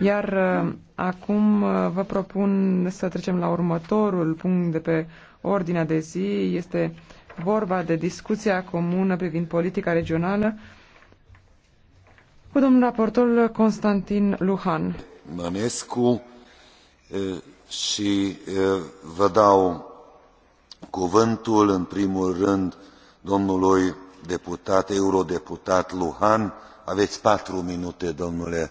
Iar uh, acum uh, vă propun să trecem la următorul punct de pe ordinea de zi. Este vorba de discuția comună privind politica regională cu domnul raportor Constantin Luhan. Mănescu și vă dau cuvântul în primul rând domnului deputat, eurodeputat Luhan. Aveți patru minute, domnule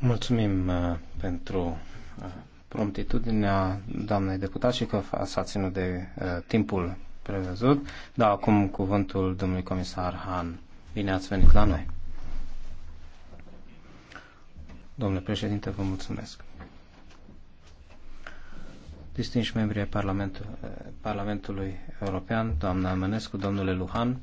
Mulțumim uh, pentru uh, promptitudinea doamnei deputat și că s-a ținut de uh, timpul prevăzut. Da, acum cuvântul domnului comisar Han. Bine ați venit la noi. Domnule președinte, vă mulțumesc. Distinși membri ai Parlamentului, Parlamentului European, doamna Mănescu, domnule Luhan,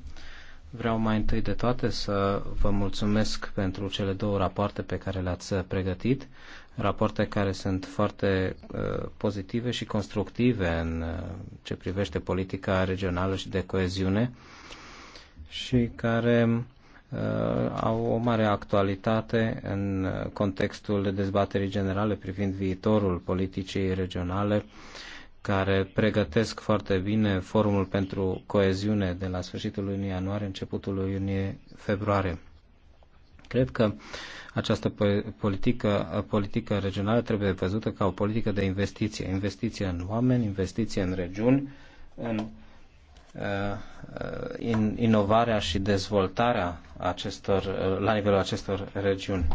Vreau mai întâi de toate să vă mulțumesc pentru cele două rapoarte pe care le-ați pregătit, rapoarte care sunt foarte uh, pozitive și constructive în uh, ce privește politica regională și de coeziune și care uh, au o mare actualitate în uh, contextul dezbaterii generale privind viitorul politicii regionale uh, care pregătesc foarte bine forumul pentru coeziune de la sfârșitul lunii ianuarie, începutul lunii iunie februarie. Cred că această politică, politică regională trebuie văzută ca o politică de investiție. Investiție în oameni, investiție în regiuni, în uh, in, inovarea și dezvoltarea acestor, la nivelul acestor regiuni.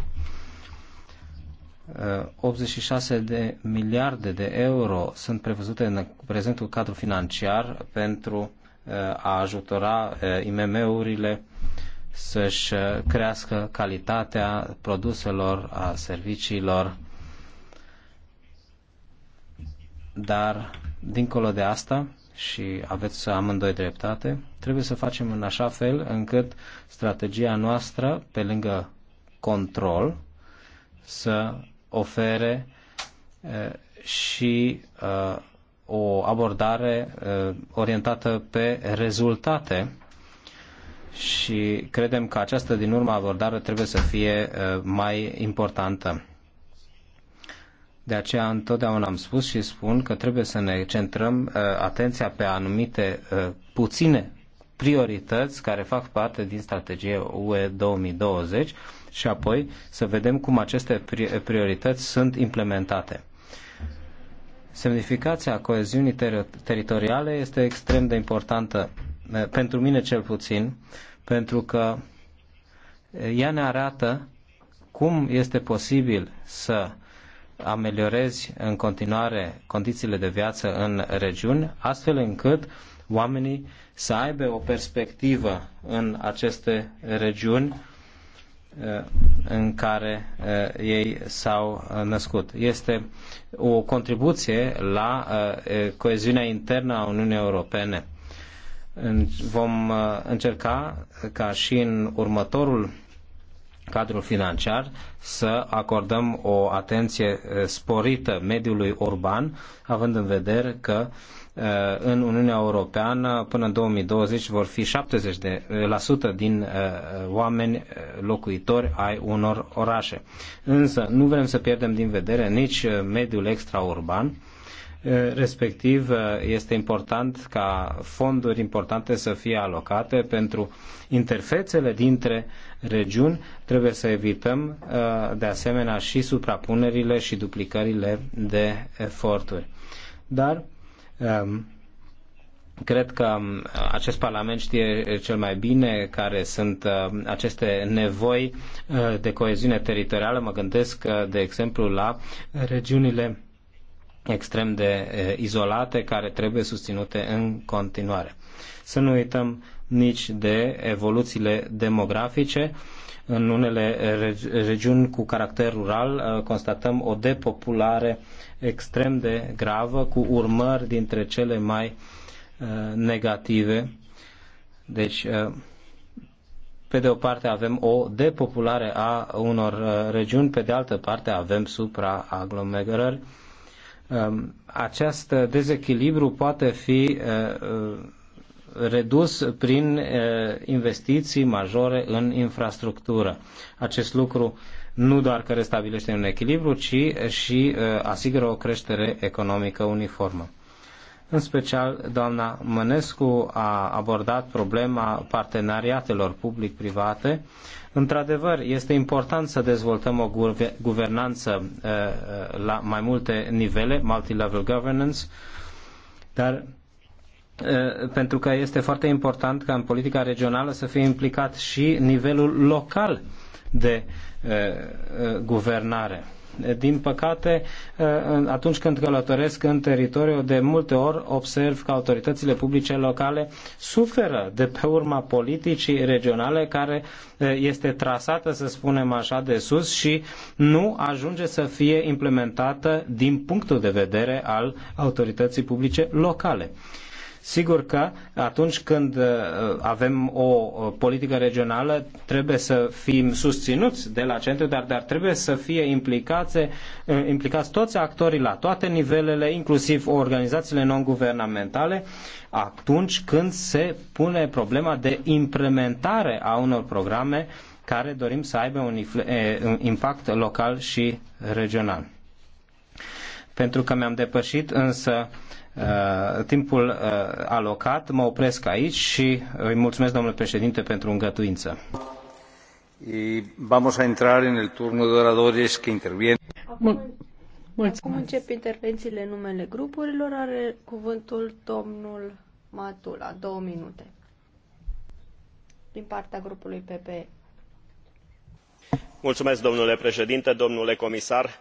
86 uh, de miliarde de euro sunt prevăzute în prezentul cadru financiar pentru uh, a ajutora uh, IMM-urile să-și crească calitatea produselor, a serviciilor, dar dincolo de asta, și aveți amândoi dreptate, trebuie să facem în așa fel încât strategia noastră, pe lângă control, să ofere și o abordare orientată pe rezultate și credem că această din urmă abordare trebuie să fie mai importantă. De aceea întotdeauna am spus și spun că trebuie să ne centrăm atenția pe anumite puține priorități care fac parte din strategia UE 2020 și apoi să vedem cum aceste priorități sunt implementate. Semnificația coeziunii ter- teritoriale este extrem de importantă, eh, pentru mine cel puțin, pentru că ea ne arată cum este posibil să ameliorezi în continuare condițiile de viață în regiuni, astfel încât uh, oamenii să aibă o perspectivă în aceste regiuni eh, în care eh, ei s-au eh, născut. Este o contribuție la coeziunea internă a Uniunii Europene. Vom încerca ca și în următorul cadrul financiar să acordăm o atenție sporită mediului urban, având în vedere că uh, Uh, în Uniunea Europeană până în 2020 vor fi 70% din uh, oameni uh, locuitori ai unor orașe. Însă nu vrem să pierdem din vedere nici mediul extraurban, respectiv este important ca fonduri importante să fie alocate pentru interfețele dintre regiuni. Trebuie să evităm de asemenea și suprapunerile și duplicările de eforturi. Dar Ehm, cred că ehm, acest Parlament știe cel mai bine care sunt ehm, aceste nevoi eh, de coeziune teritorială. Mă gândesc, eh, de exemplu, la regiunile extrem de eh, izolate care trebuie susținute în continuare. Să nu uităm nici de evoluțiile demografice în unele regiuni cu caracter rural uh, constatăm o depopulare extrem de gravă cu urmări dintre cele mai uh, negative. Deci, uh, pe de o parte avem o depopulare a unor regiuni, pe de altă parte avem supraaglomerări. Um, acest dezechilibru poate fi redus prin investiții majore în infrastructură. Acest lucru nu doar că restabilește un echilibru, ci și asigură o creștere economică uniformă. În special, doamna Mănescu a abordat problema parteneriatelor public-private. Într-adevăr, este important să dezvoltăm o guvernanță la mai multe nivele, multi-level governance, dar pentru că este foarte important ca în politica regională să fie implicat și nivelul local de guvernare. Din păcate, atunci când călătoresc în teritoriu, de multe ori observ că autoritățile publice locale suferă de pe urma politicii regionale care este trasată, să spunem așa, de sus și nu ajunge să fie implementată din punctul de vedere al autorității publice locale. Sigur că atunci când uh, avem o politică regională, trebuie să fim susținuți de la centru, dar, dar trebuie să fie implicați, uh, implicați toți actorii la toate nivelele, inclusiv organizațiile non-guvernamentale, atunci când se pune problema de implementare a unor programe care dorim să aibă un impact local și regional. Pentru că mi-am depășit însă uh, Uh, timpul uh, alocat. Mă opresc aici și îi mulțumesc, domnule președinte, pentru îngăduință. Vamos a entrar en el turno de oradores que intervienen. Mulțumesc. Acum încep intervențiile numele grupurilor. Are cuvântul domnul Matula, două minute. Din partea grupului PP. Mulțumesc, domnule președinte, domnule comisar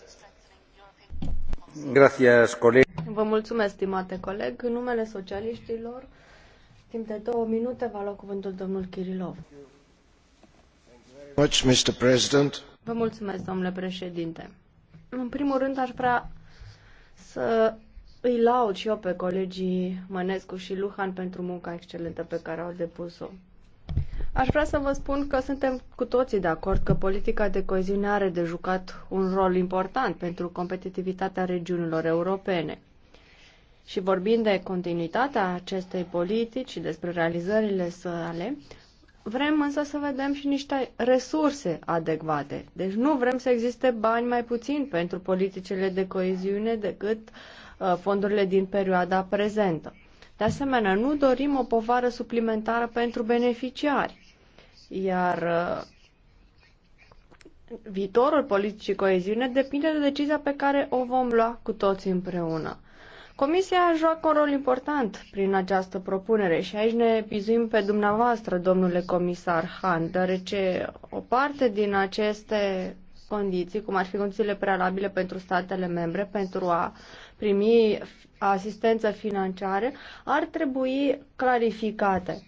Vă mulțumesc, stimate coleg. În numele socialiștilor, timp de două minute, va lua cuvântul domnul Kirilov. Vă mulțumesc, domnule președinte. În primul rând, aș vrea să îi laud și eu pe colegii Mănescu și Luhan pentru munca excelentă pe care au depus-o. Aș vrea să vă spun că suntem cu toții de acord că politica de coeziune are de jucat un rol important pentru competitivitatea regiunilor europene. Și vorbind de continuitatea acestei politici și despre realizările sale, vrem însă să vedem și niște resurse adecvate. Deci nu vrem să existe bani mai puțin pentru politicile de coeziune decât uh, fondurile din perioada prezentă. De asemenea, nu dorim o povară suplimentară pentru beneficiari. Iar uh, viitorul politicii coeziune depinde de decizia pe care o vom lua cu toți împreună. Comisia joacă un rol important prin această propunere și aici ne pizuim pe dumneavoastră, domnule comisar Han, deoarece o parte din aceste condiții, cum ar fi condițiile prealabile pentru statele membre pentru a primi asistență financiară, ar trebui clarificate.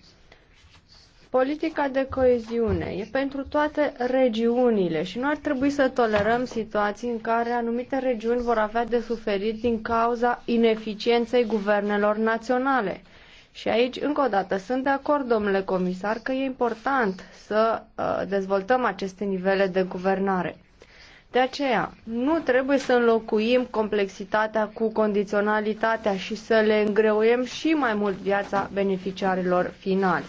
Politica de coeziune e pentru toate regiunile și nu ar trebui să tolerăm situații în care anumite regiuni vor avea de suferit din cauza ineficienței guvernelor naționale. Și aici, încă o dată, sunt de acord, domnule comisar, că e important să uh, dezvoltăm aceste nivele de guvernare. De aceea, nu trebuie să înlocuim complexitatea cu condiționalitatea și să le îngreuiem și mai mult viața beneficiarilor finali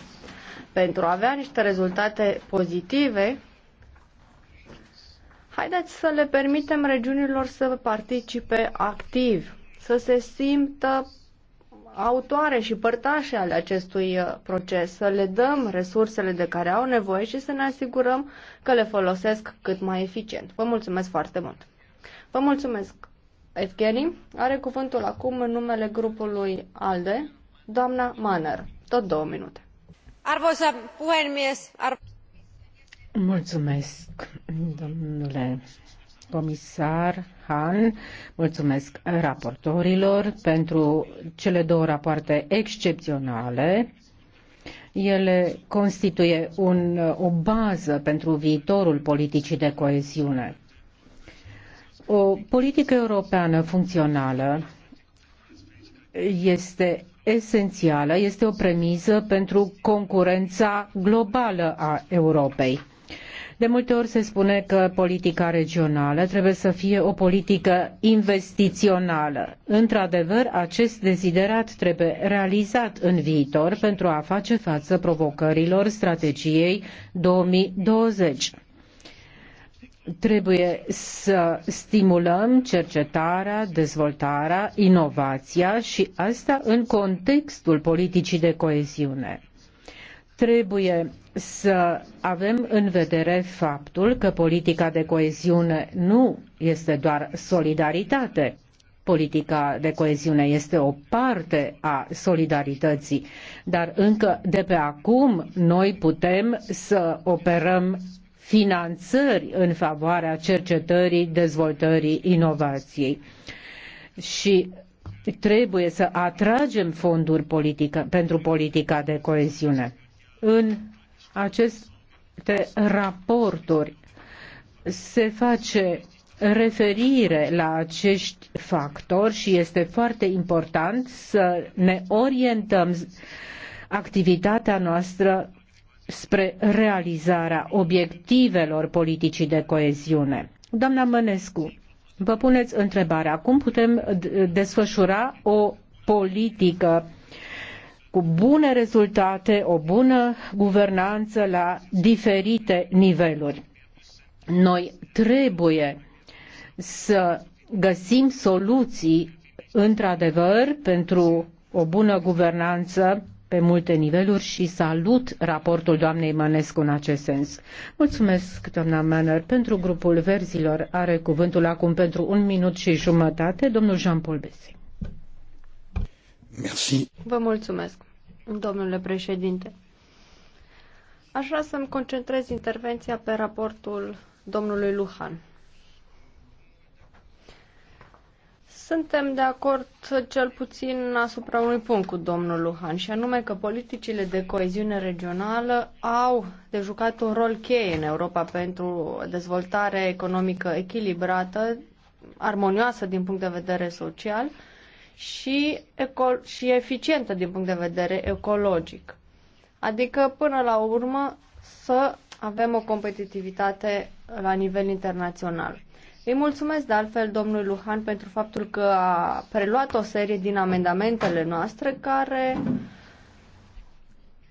pentru a avea niște rezultate pozitive, haideți să le permitem regiunilor să participe activ, să se simtă autoare și părtașe ale acestui uh, proces, să le dăm resursele de care au nevoie și să ne asigurăm că le folosesc cât mai eficient. Vă mulțumesc foarte mult! Vă mulțumesc, Evgeni. Are cuvântul acum în numele grupului ALDE, doamna Manner. Tot două minute. Arvoisa puhemies. Mulțumesc, domnule comisar hahn mulțumesc raportorilor pentru cele două rapoarte excepționale. Ele constituie un, o bază pentru viitorul politicii de coeziune. O politică europeană funcțională este esențială, este o premisă pentru concurența globală a Europei. De multe ori se spune că politica regională trebuie să fie o politică investițională. Într-adevăr, acest deziderat trebuie realizat în viitor pentru a face față provocărilor strategiei 2020. Trebuie să stimulăm cercetarea, dezvoltarea, inovația și asta în contextul politicii de coeziune. Trebuie să avem în vedere faptul că politica de coeziune nu este doar solidaritate, politica de coeziune este o parte a solidarității, dar încă de pe acum noi putem să operăm finanțări în favoarea cercetării, dezvoltării, inovației. Și trebuie să atragem fonduri politică, pentru politica de coeziune. În aceste raporturi se face referire la acești factori și este foarte important să ne orientăm activitatea noastră spre realizarea obiectivelor politicii de coeziune. Doamna Mănescu, vă puneți întrebarea cum putem desfășura o politică cu bune rezultate, o bună guvernanță la diferite niveluri. Noi trebuie să găsim soluții într-adevăr pentru o bună guvernanță pe multe niveluri și salut raportul doamnei Mănescu în acest sens. Mulțumesc, doamna Manner, pentru grupul verzilor. Are cuvântul acum pentru un minut și jumătate, domnul Jean-Paul Besi. Merci. Vă mulțumesc, domnule președinte. Aș vrea să-mi concentrez intervenția pe raportul domnului Luhan. Suntem de acord cel puțin asupra unui punct cu domnul Luhan și anume că politicile de coeziune regională au de jucat un rol cheie în Europa pentru dezvoltare economică echilibrată, armonioasă din punct de vedere social și, eco- și eficientă din punct de vedere ecologic. Adică, până la urmă, să avem o competitivitate la nivel internațional. Îi mulțumesc de altfel domnului Luhan pentru faptul că a preluat o serie din amendamentele noastre care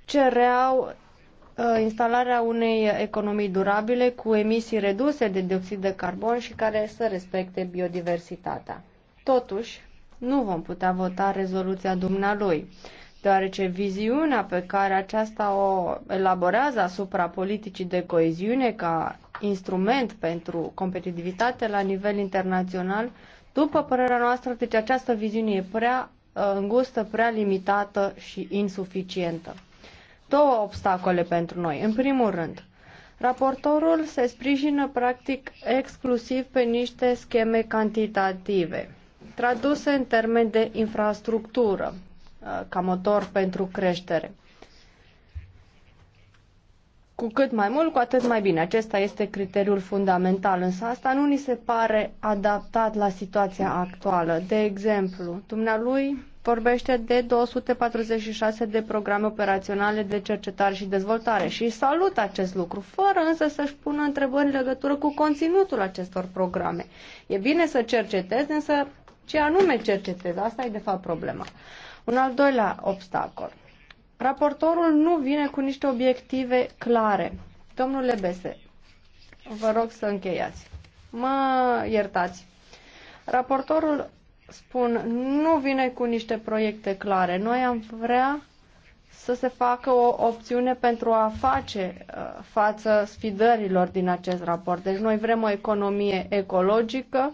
cereau uh, instalarea unei economii durabile cu emisii reduse de dioxid de carbon și care să respecte biodiversitatea. Totuși, nu vom putea vota rezoluția dumnealui, deoarece viziunea pe care aceasta o elaborează asupra politicii de coeziune ca instrument pentru competitivitate la nivel internațional, după părerea noastră, deci această viziune e prea uh, îngustă, prea limitată și insuficientă. Două obstacole pentru noi. În primul rând, raportorul se sprijină practic exclusiv pe niște scheme cantitative, traduse în termeni de infrastructură, uh, ca motor pentru creștere cu cât mai mult, cu atât mai bine. Acesta este criteriul fundamental, însă asta nu ni se pare adaptat la situația actuală. De exemplu, dumnealui vorbește de 246 de programe operaționale de cercetare și dezvoltare și salut acest lucru, fără însă să-și pună întrebări în legătură cu conținutul acestor programe. E bine să cercetezi, însă ce anume cercetezi? Asta e de fapt problema. Un al doilea obstacol Raportorul nu vine cu niște obiective clare. Domnule Bese, vă rog să încheiați. Mă iertați. Raportorul, spun, nu vine cu niște proiecte clare. Noi am vrea să se facă o opțiune pentru a face uh, față sfidărilor din acest raport. Deci noi vrem o economie ecologică,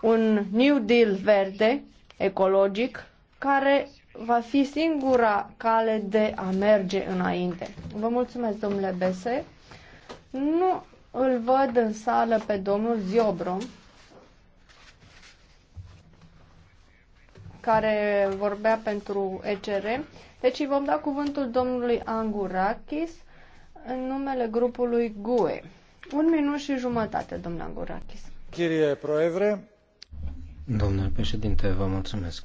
un New Deal verde, ecologic, care va fi singura cale de a merge înainte. Vă mulțumesc, domnule Bese. Nu îl văd în sală pe domnul Ziobro, care vorbea pentru ECR. Deci îi vom da cuvântul domnului Angurakis în numele grupului GUE. Un minut și jumătate, domnule Angurakis. Chirie Proevre. Domnule președinte, vă mulțumesc.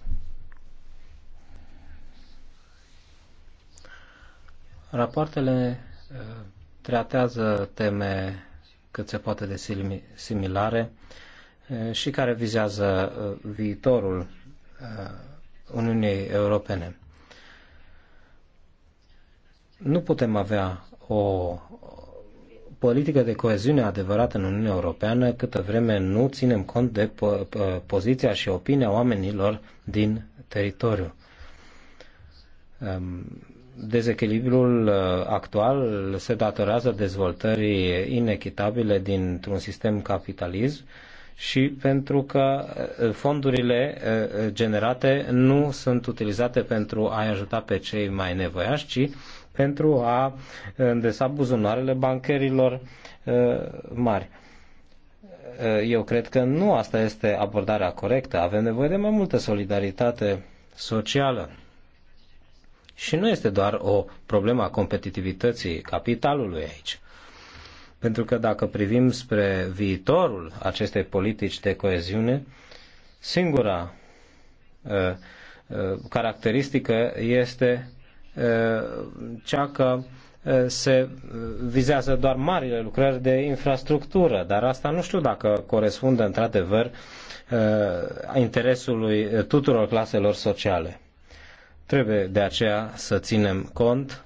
Rapoartele eh, tratează teme cât se poate de similare eh, și care vizează eh, viitorul Uniunii Europene. Nu putem avea o politică de coeziune adevărată în Uniunea Europeană câtă vreme nu ținem cont de poziția și opinia oamenilor din teritoriu ehm, Dezechilibrul uh, actual se datorează dezvoltării inechitabile dintr-un sistem capitalism și pentru că uh, fondurile uh, generate nu sunt utilizate pentru a ajuta pe cei mai nevoiași, ci pentru a îndesa buzunarele bancherilor mari. Eu cred că nu asta este abordarea corectă. Avem nevoie de mai multă solidaritate socială. Și nu este doar o problemă a competitivității capitalului aici. Pentru că dacă privim spre viitorul acestei politici de coeziune, singura uh, uh, caracteristică este uh, cea că uh, se vizează doar marile lucrări de infrastructură, dar asta nu știu dacă corespunde într-adevăr uh, interesului tuturor claselor sociale. Trebuie de aceea să ținem cont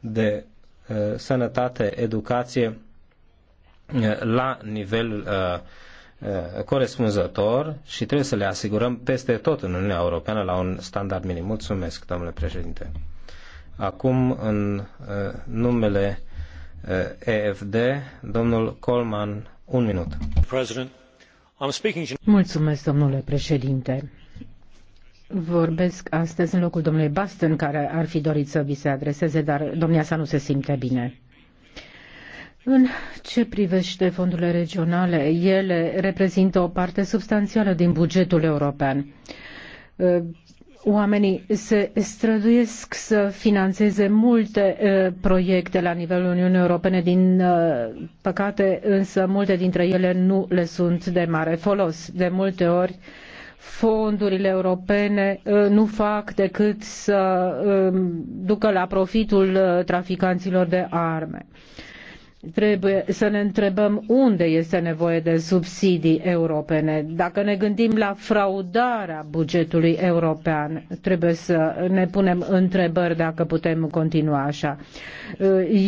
de uh, sănătate, educație uh, la nivel uh, corespunzător și trebuie să le asigurăm peste tot în Uniunea Europeană la un standard minim. Mulțumesc, domnule președinte. Acum, în numele EFD, domnul Colman, un minut. Mulțumesc, domnule președinte Vorbesc astăzi în locul domnului Baston, care ar fi dorit să vi se adreseze, dar domnia sa nu se simte bine. În ce privește fondurile regionale, ele reprezintă o parte substanțială din bugetul european. Ă, oamenii se străduiesc să financeze multe ă, proiecte la nivelul Uniunii Europene, din ă, păcate însă multe dintre ele nu le sunt de mare folos. De multe ori fondurile europene uh, nu fac decât să um, ducă la profitul uh, traficanților de arme. Trebuie să ne întrebăm unde este nevoie de subsidii europene. Dacă ne gândim la fraudarea bugetului european, trebuie să ne punem întrebări dacă putem continua așa.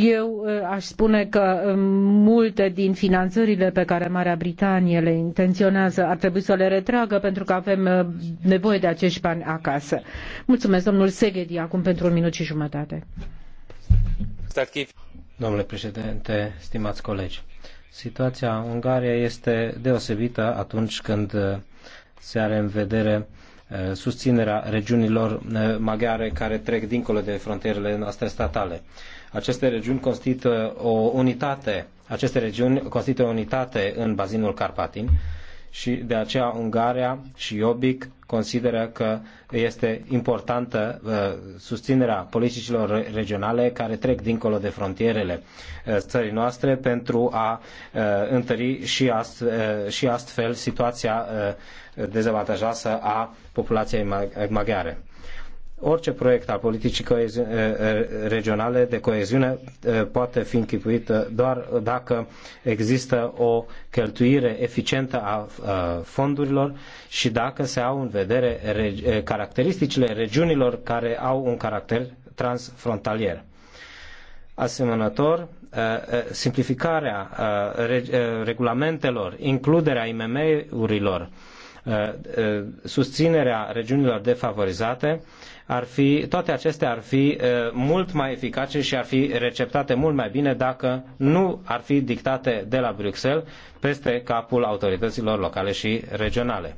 Eu eh, aș spune că eh, multe din finanțările pe care Marea Britanie le intenționează ar trebui să le retragă pentru că avem eh, nevoie de acești bani acasă. Mulțumesc, domnul Seghedi, acum pentru un minut și jumătate. Domnule președinte, stimați colegi, situația Ungariei Ungaria este deosebită atunci când uh, se are în vedere uh, susținerea regiunilor uh, maghiare care trec dincolo de frontierele noastre statale. Aceste regiuni constituie o unitate, aceste regiuni constituie o unitate în bazinul Carpatin și de aceea Ungaria și Iobic consideră că este importantă uh, susținerea politicilor regionale care trec dincolo de frontierele uh, țării noastre pentru a uh, întări și astfel situația dezavantajoasă a populației maghiare orice proiect al politicii regionale de coeziune poate fi închipuit doar dacă există o cheltuire eficientă a fondurilor și dacă se au în vedere caracteristicile regiunilor care au un caracter transfrontalier. Asemănător, simplificarea regulamentelor, includerea IMM-urilor, susținerea regiunilor defavorizate ar fi, toate acestea ar fi uh, mult mai eficace și ar fi receptate mult mai bine dacă nu ar fi dictate de la Bruxelles peste capul autorităților locale și regionale.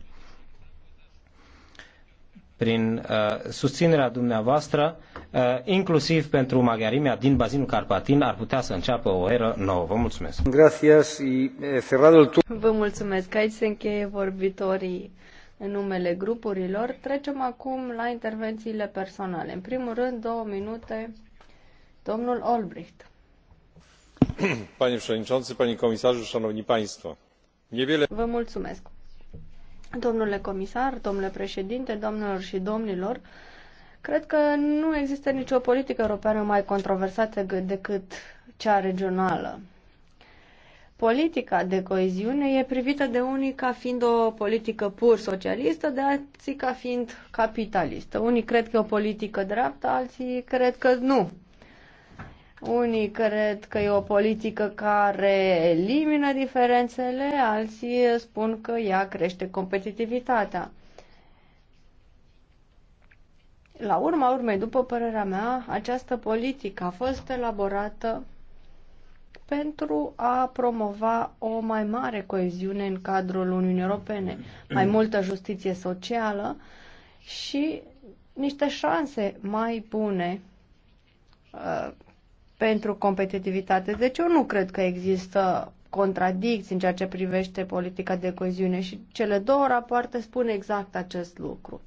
Prin uh, susținerea dumneavoastră, uh, inclusiv pentru maghiarimea din bazinul carpatin, ar putea să înceapă o eră nouă. Vă mulțumesc! Eh, Vă mulțumesc! Aici se încheie vorbitorii în numele grupurilor. Trecem acum la intervențiile personale. În primul rând, două minute, domnul Olbricht. Panie președinte, panie comisarzu, șanovni państwo. Niewiele... Vă mulțumesc. Domnule comisar, domnule președinte, domnilor și domnilor, cred că nu există nicio politică europeană mai controversată decât cea regională. Politica de coeziune e privită de unii ca fiind o politică pur socialistă, de alții ca fiind capitalistă. Unii cred că e o politică dreaptă, alții cred că nu. Unii cred că e o politică care elimină diferențele, alții spun că ea crește competitivitatea. La urma urmei, după părerea mea, această politică a fost elaborată pentru a promova o mai mare coeziune în cadrul Uniunii Europene, mai mm. multă justiție socială și niște șanse mai bune uh, pentru competitivitate. Deci eu nu cred că există contradicții în ceea ce privește politica de coeziune și cele două rapoarte spun exact acest lucru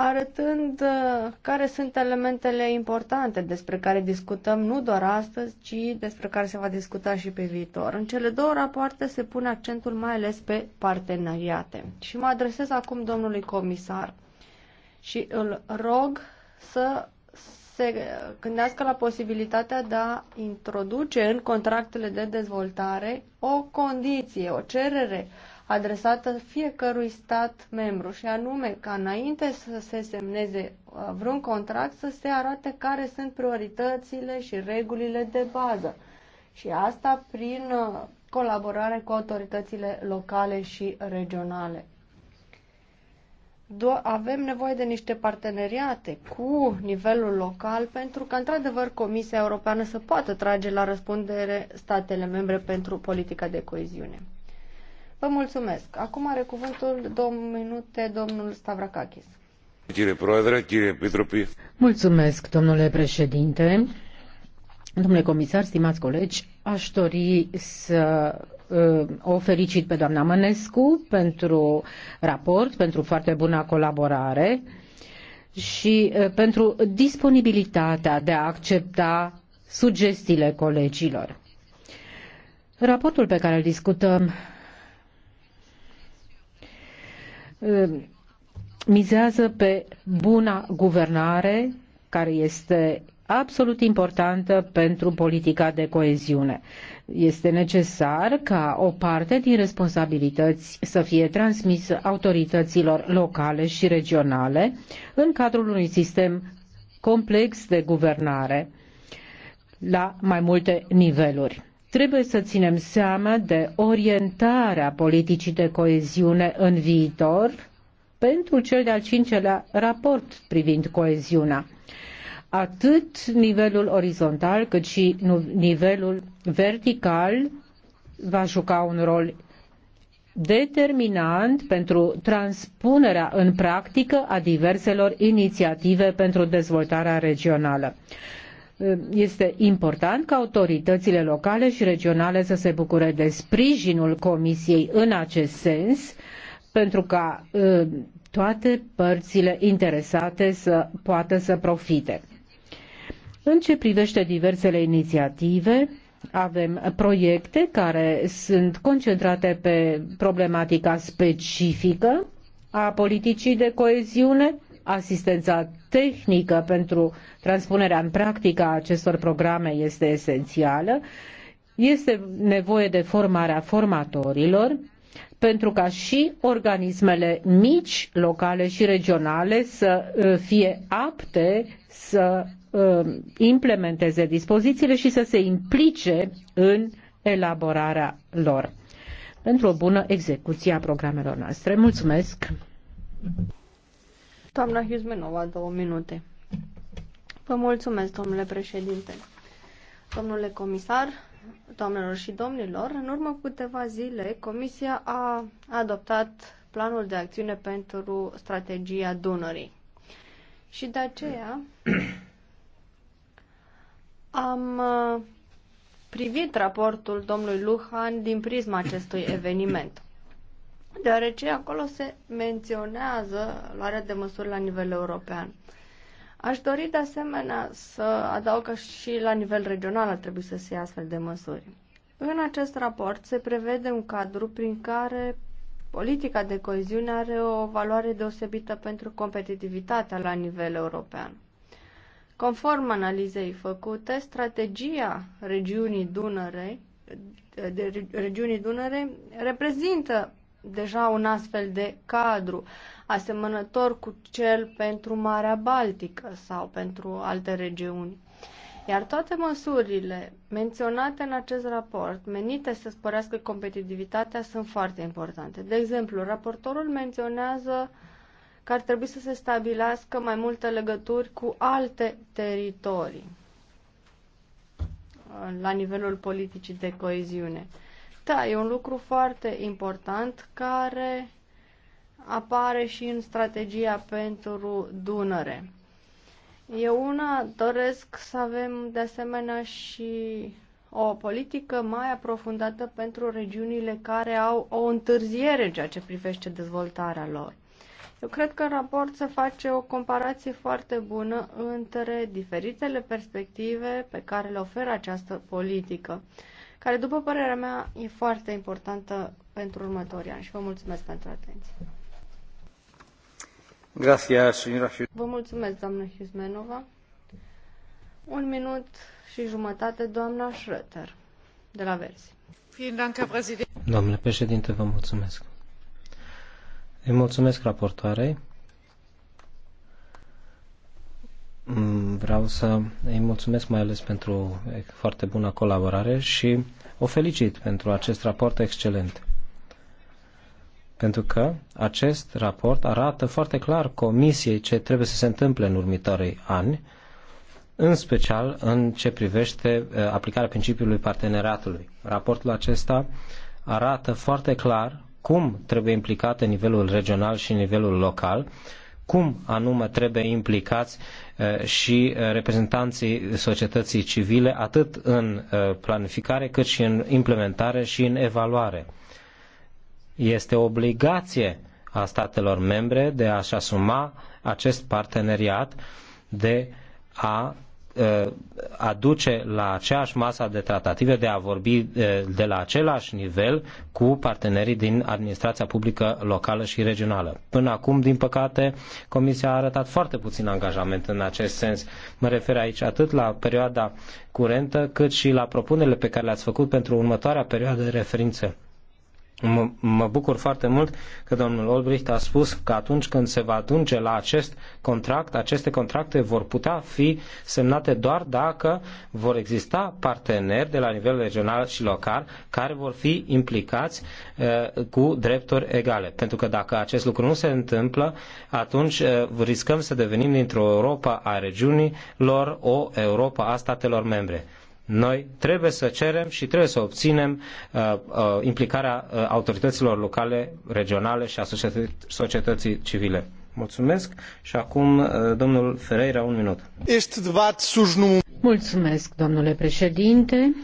arătând uh, care sunt elementele importante despre care discutăm nu doar astăzi, ci despre care se va discuta și pe viitor. În cele două rapoarte se pune accentul mai ales pe parteneriate. Și mă adresez acum domnului comisar și îl rog să se gândească la posibilitatea de a introduce în contractele de dezvoltare o condiție, o cerere adresată fiecărui stat membru și anume ca înainte să se semneze uh, vreun contract să se arate care sunt prioritățile și regulile de bază și asta prin uh, colaborare cu autoritățile locale și regionale. Do- avem nevoie de niște parteneriate cu nivelul local pentru ca, într-adevăr, Comisia Europeană să poată trage la răspundere statele membre pentru politica de coeziune. Vă mulțumesc. Acum are cuvântul două minute domnul Stavrakakis. Mulțumesc, domnule președinte. Domnule comisar, stimați colegi, aș dori să uh, o felicit pe doamna Mănescu pentru raport, pentru foarte bună colaborare și uh, pentru disponibilitatea de a accepta sugestiile colegilor. Raportul pe care îl discutăm mizează pe buna guvernare, care este absolut importantă pentru politica de coeziune. Este necesar ca o parte din responsabilități să fie transmisă autorităților locale și regionale în cadrul unui sistem complex de guvernare la mai multe niveluri. Trebuie să ținem seama de orientarea politicii de coeziune în viitor pentru cel de-al cincelea raport privind coeziunea atât nivelul orizontal cât și nivelul vertical va juca un rol determinant pentru transpunerea în practică a diverselor inițiative pentru dezvoltarea regională. Este important ca autoritățile locale și regionale să se bucure de sprijinul Comisiei în acest sens, pentru ca uh, toate părțile interesate să poată să profite. În ce privește diversele inițiative, avem proiecte care sunt concentrate pe problematica specifică a politicii de coeziune, asistența tehnică pentru transpunerea în practică a acestor programe este esențială. Este nevoie de formarea formatorilor pentru ca și organismele mici, locale și regionale să uh, fie apte să uh, implementeze dispozițiile și să se implice în elaborarea lor pentru o bună execuție a programelor noastre. Mulțumesc! Doamna Huzmenova, două minute. Vă mulțumesc, domnule președinte. Domnule comisar, doamnelor și domnilor, în urmă cu câteva zile, Comisia a adoptat planul de acțiune pentru strategia Dunării. Și de aceea am uh, privit raportul domnului Luhan din prisma acestui eveniment deoarece acolo se menționează luarea de măsuri la nivel european. Aș dori de asemenea să adaug că și la nivel regional ar trebui să se ia astfel de măsuri. În acest raport se prevede un cadru prin care politica de coeziune are o valoare deosebită pentru competitivitatea la nivel european. Conform analizei făcute, strategia regiunii Dunărei, de regiunii Dunărei reprezintă deja un astfel de cadru, asemănător cu cel pentru Marea Baltică sau pentru alte regiuni. Iar toate măsurile menționate în acest raport, menite să sporească competitivitatea, sunt foarte importante. De exemplu, raportorul menționează că ar trebui să se stabilească mai multe legături cu alte teritorii la nivelul politicii de coeziune. Da, e un lucru foarte important care apare și în strategia pentru Dunăre. Eu una doresc să avem de asemenea și o politică mai aprofundată pentru regiunile care au o întârziere în ceea ce privește dezvoltarea lor. Eu cred că în raport se face o comparație foarte bună între diferitele perspective pe care le oferă această politică care, după părerea mea, e foarte importantă pentru următorii ani și vă mulțumesc pentru atenție. Vă mulțumesc, doamnă Hizmenova. Un minut și jumătate, doamna Schröter, de la Versi. Domnule președinte, vă mulțumesc. Îi mulțumesc raportoarei Mm, vreau să îi mulțumesc mai ales pentru foarte bună colaborare și o felicit pentru acest raport excelent. Pentru că acest raport arată foarte clar comisiei ce trebuie să se întâmple în următorii ani, în special în ce privește aplicarea principiului parteneriatului. Raportul acesta arată foarte clar cum trebuie implicate nivelul regional și nivelul local, cum anume trebuie implicați Eh, și eh, reprezentanții societății civile, atât în eh, planificare, cât și în implementare și în evaluare. Este o obligație a statelor membre de a-și asuma acest parteneriat, de a Uh, aduce la aceeași masă de tratative, de a vorbi uh, de la același nivel cu partenerii din administrația publică locală și regională. Până acum, din păcate, Comisia a arătat foarte puțin angajament în acest sens. Mă refer aici atât la perioada curentă, cât și la propunerile pe care le-ați făcut pentru următoarea perioadă de referință Mă, mă bucur foarte mult că domnul Olbricht a spus că atunci când se va ajunge la acest contract, aceste contracte vor putea fi semnate doar dacă vor exista parteneri de la nivel regional și local care vor fi implicați uh, cu drepturi egale. Pentru că dacă acest lucru nu se întâmplă, atunci uh, riscăm să devenim dintr-o Europa a regiunilor o Europa a statelor membre noi trebuie să cerem și trebuie să obținem uh, uh, implicarea uh, autorităților locale, regionale și a societății, societății civile. Mulțumesc și acum uh, domnul Ferreira un minut. Este debat Mulțumesc, domnule președinte.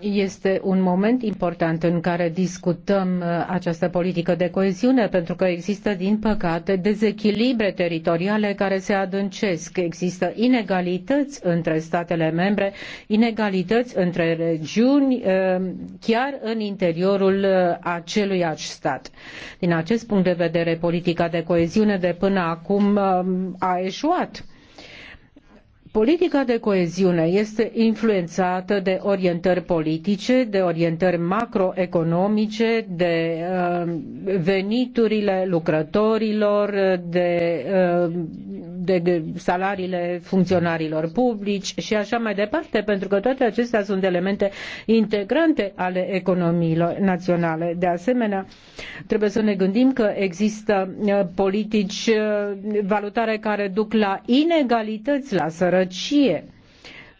Este un moment important în care discutăm uh, această politică de coeziune, pentru că există, din păcate, dezechilibre teritoriale care se adâncesc. Există inegalități între statele membre, inegalități între regiuni, uh, chiar în interiorul uh, aceluiași stat. Din acest punct de vedere, politica de coeziune de până acum a eșuat Politica de coeziune este influențată de orientări politice, de orientări macroeconomice, de uh, veniturile lucrătorilor, de, uh, de salariile funcționarilor publici și așa mai departe, pentru că toate acestea sunt elemente integrante ale economiilor naționale. De asemenea, trebuie să ne gândim că există uh, politici valutare care duc la inegalități, la sărăcie, sărăcie.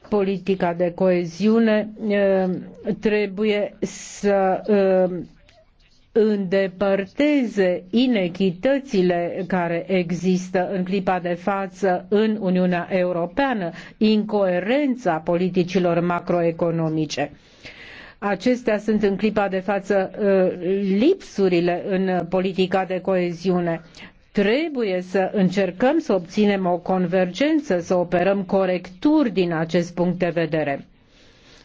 Politica de coeziune trebuie să îndepărteze inechitățile care există în clipa de față în Uniunea Europeană, incoerența politicilor macroeconomice. Acestea sunt în clipa de față lipsurile în politica de coeziune. Trebuie să încercăm să obținem o convergență, să operăm corecturi din acest punct de vedere.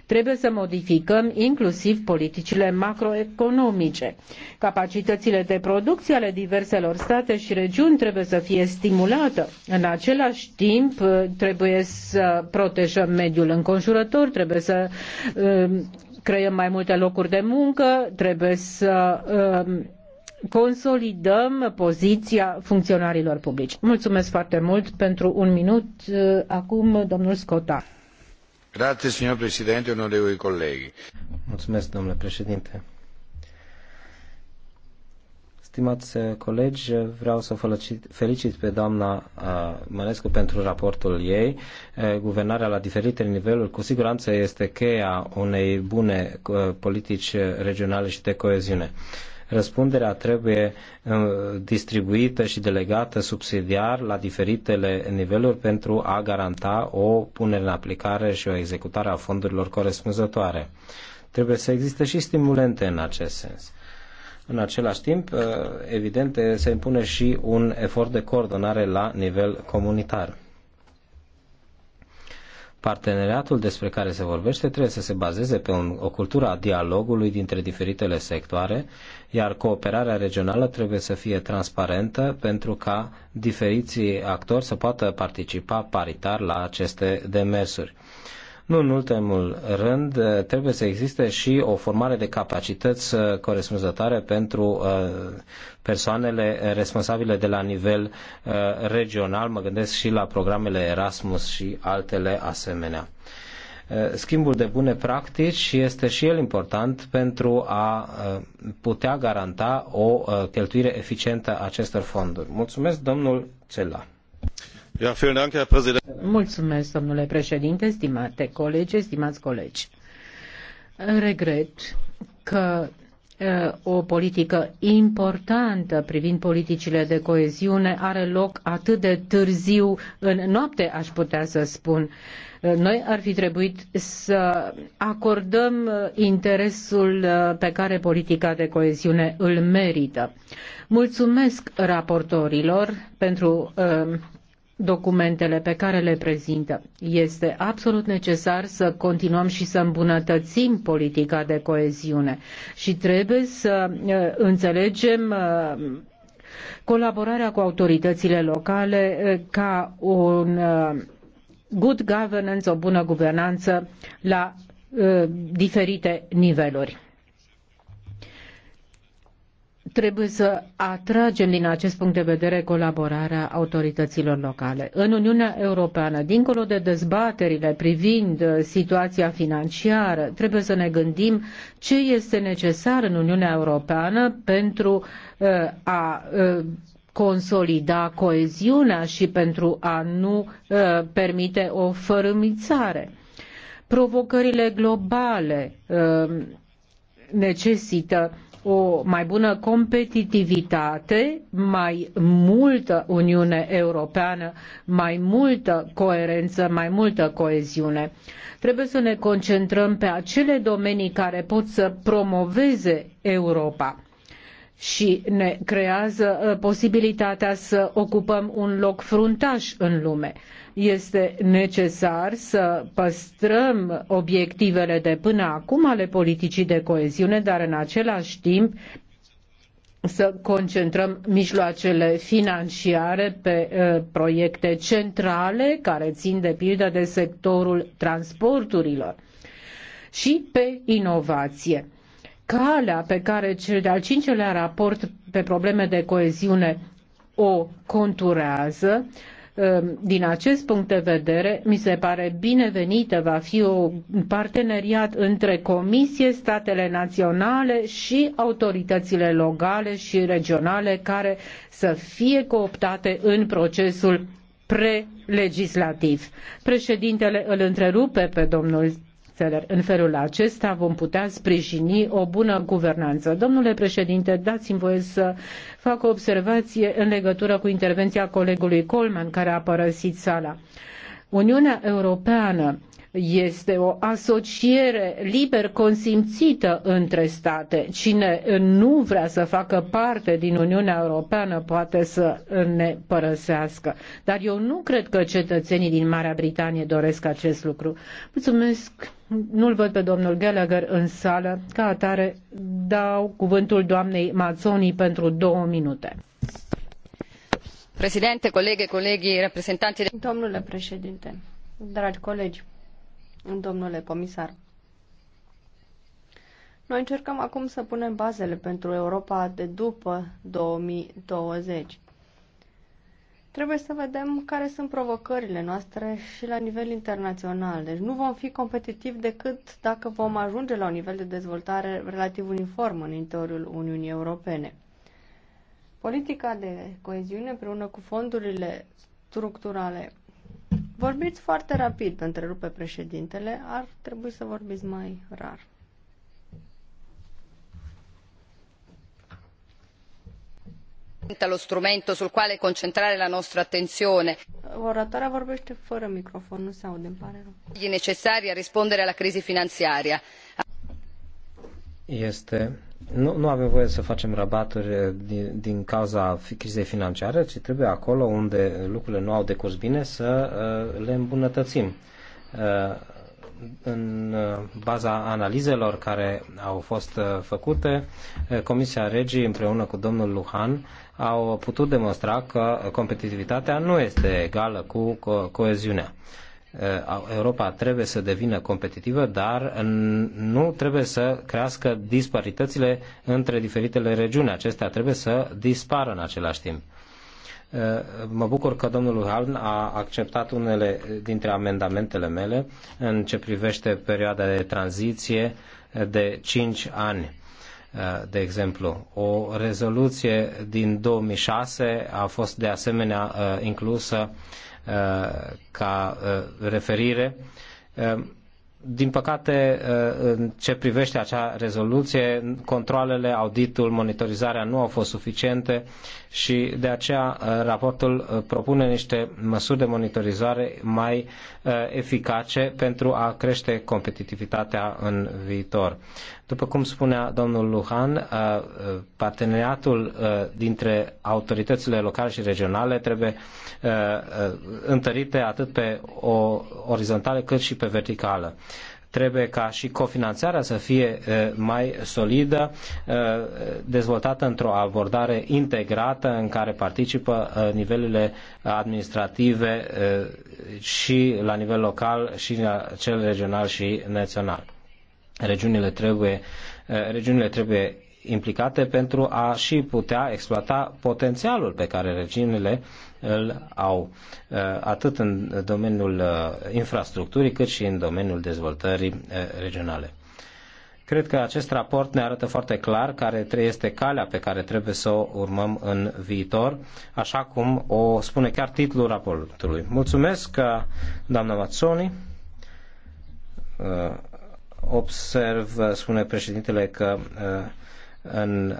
Trebuie să modificăm inclusiv politicile macroeconomice. Capacitățile de producție ale diverselor state și regiuni trebuie să fie stimulată. În același timp, trebuie să protejăm mediul înconjurător, trebuie să uh, creăm mai multe locuri de muncă, trebuie să uh, consolidăm poziția funcționarilor publici. Mulțumesc foarte mult pentru un minut. Acum, domnul Scota. Grazie, signor Presidente, onorevoli colleghi. Mulțumesc, domnule președinte. Stimați eh, colegi, vreau să felicit pe doamna eh, Mănescu pentru raportul ei. Eh, guvernarea la diferite niveluri cu siguranță este cheia unei bune politici regionale și de coeziune. Răspunderea trebuie uh, distribuită și delegată subsidiar la diferitele niveluri pentru a garanta o punere în aplicare și o executare a fondurilor corespunzătoare. Trebuie să existe și stimulente în acest sens. În același timp, uh, evident, se impune și un efort de coordonare la nivel comunitar. Parteneriatul despre care se vorbește trebuie să se bazeze pe un, o cultură a dialogului dintre diferitele sectoare, iar cooperarea regională trebuie să fie transparentă pentru ca diferiții actori să poată participa paritar la aceste demersuri. Nu în ultimul rând, trebuie să existe și o formare de capacități uh, corespunzătoare pentru uh, persoanele responsabile de la nivel uh, regional. Mă gândesc și la programele Erasmus și altele asemenea schimbul de bune practici este și el important pentru a putea garanta o cheltuire eficientă a acestor fonduri. Mulțumesc, domnul Cela. Mulțumesc, domnule președinte, stimate colegi, stimați colegi. Regret că uh, o politică importantă privind politicile de coeziune are loc atât de târziu în noapte, aș putea să spun. Uh, noi ar fi trebuit să acordăm uh, interesul pe care politica de coeziune îl merită. Mulțumesc raportorilor pentru documentele pe care le prezintă. Este absolut necesar să continuăm și să îmbunătățim politica de coeziune și trebuie să uh, înțelegem uh, colaborarea cu autoritățile locale uh, ca un good governance, o bună guvernanță la diferite niveluri trebuie să atragem din acest punct de vedere colaborarea autorităților locale. În Uniunea Europeană, dincolo de dezbaterile privind uh, situația financiară, trebuie să ne gândim ce este necesar în Uniunea Europeană pentru uh, a uh, consolida coeziunea și pentru a nu uh, permite o fărâmițare. Provocările globale uh, necesită o mai bună competitivitate, mai multă Uniune Europeană, mai multă coerență, mai multă coeziune. Trebuie să ne concentrăm pe acele domenii care pot să promoveze Europa și ne creează uh, posibilitatea să ocupăm un loc fruntaș în lume. Este necesar să păstrăm obiectivele de până acum ale politicii de coeziune, dar în același timp să concentrăm mijloacele financiare pe uh, proiecte centrale care țin de pildă de sectorul transporturilor și pe inovație. Calea pe care cel de-al cincelea raport pe probleme de coeziune o conturează Ehm, din acest punct de vedere, mi se pare binevenită va fi un parteneriat între Comisie, statele naționale și autoritățile locale și regionale care să fie cooptate în procesul prelegislativ. Președintele îl întrerupe pe domnul Țeler. În felul acesta vom putea sprijini o bună guvernanță. Domnule președinte, dați-mi voie să fac o observație în legătură cu intervenția colegului Coleman, care a părăsit sala. Uniunea Europeană este o asociere liber consimțită între state. Cine nu vrea să facă parte din Uniunea Europeană poate să ne părăsească. Dar eu nu cred că cetățenii din Marea Britanie doresc acest lucru. Mulțumesc. Nu-l văd pe domnul Gallagher în sală. Ca atare dau cuvântul doamnei Mazzoni pentru două minute președinte colegi, colegi reprezentanți de... domnule președinte dragi colegi domnule comisar. Noi încercăm acum să punem bazele pentru Europa de după 2020. Trebuie să vedem care sunt provocările noastre și la nivel internațional. Deci nu vom fi competitivi decât dacă vom ajunge la un nivel de dezvoltare relativ uniform în interiorul Uniunii Europene. Politica de coeziune împreună cu fondurile structurale Vorbiți foarte rapid, întrerupe președintele. Ar trebui să vorbiți mai rar. lo strumento sul quale concentrare la nostra attenzione Oratoarea vorbește fără microfon, nu se aude, îmi pare rău. necessari a rispondere alla crisi finanziaria este nu, nu avem voie să facem rabaturi eh, din, din cauza crizei financiare, ci trebuie acolo unde lucrurile nu au decurs bine să eh, le îmbunătățim. Eh, în baza analizelor care au fost făcute, Comisia Regii împreună cu domnul Luhan au putut demonstra că competitivitatea nu este egală cu coeziunea. Uh, Europa trebuie să devină competitivă, dar nu trebuie să crească disparitățile între diferitele regiuni. Acestea trebuie să dispară în același timp. Uh, mă bucur că domnul Hahn a acceptat unele dintre amendamentele mele în ce privește perioada de tranziție de 5 ani Eh, de exemplu. O rezoluție din 2006 a fost de asemenea eh, inclusă eh, ca referire din păcate, uh, în ce privește acea rezoluție, controlele, auditul, monitorizarea nu au fost suficiente și de aceea uh, raportul uh, propune niște măsuri de monitorizare mai eficace pentru a crește competitivitatea în viitor. După cum spunea domnul Luhan, parteneriatul dintre autoritățile locale și regionale trebuie întărite atât pe o orizontală cât și pe verticală. Trebuie ca și cofinanțarea să fie mai solidă, dezvoltată într-o abordare integrată în care participă nivelurile administrative și la nivel local și la cel regional și național. Regiunile trebuie, regiunile trebuie implicate pentru a și putea exploata potențialul pe care regiunile îl au, uh, atât în domeniul uh, infrastructurii, cât și în domeniul dezvoltării uh, regionale. Cred că acest raport ne arată foarte clar care este calea pe care trebuie să o urmăm în viitor, așa cum o spune chiar titlul raportului. Mulțumesc, doamna Mazzoni. Observ, spune președintele, că în,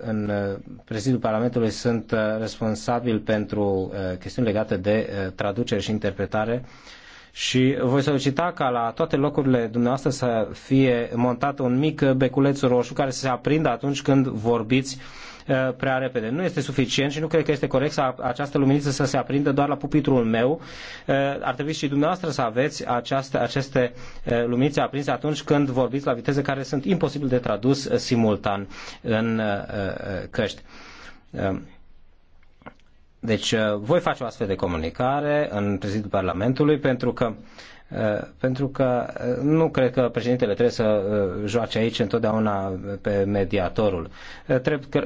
în prezidiul Parlamentului sunt uh, responsabil pentru uh, chestiuni legate de uh, traducere și interpretare și voi solicita ca la toate locurile dumneavoastră să fie montat un mic beculeț roșu care să se aprindă atunci când vorbiți Eh, prea repede. Nu este suficient și nu cred că este corect să această luminiță să se aprindă doar la pupitrul meu. Eh, ar trebui și dumneavoastră să aveți aceaste, aceste eh, luminițe aprinse atunci când vorbiți la viteze care sunt imposibil de tradus simultan în căști. Deci voi face o astfel de comunicare în prezidiul Parlamentului pentru că uh, Eh, pentru că eh, nu cred că președintele trebuie să eh, joace aici întotdeauna pe mediatorul.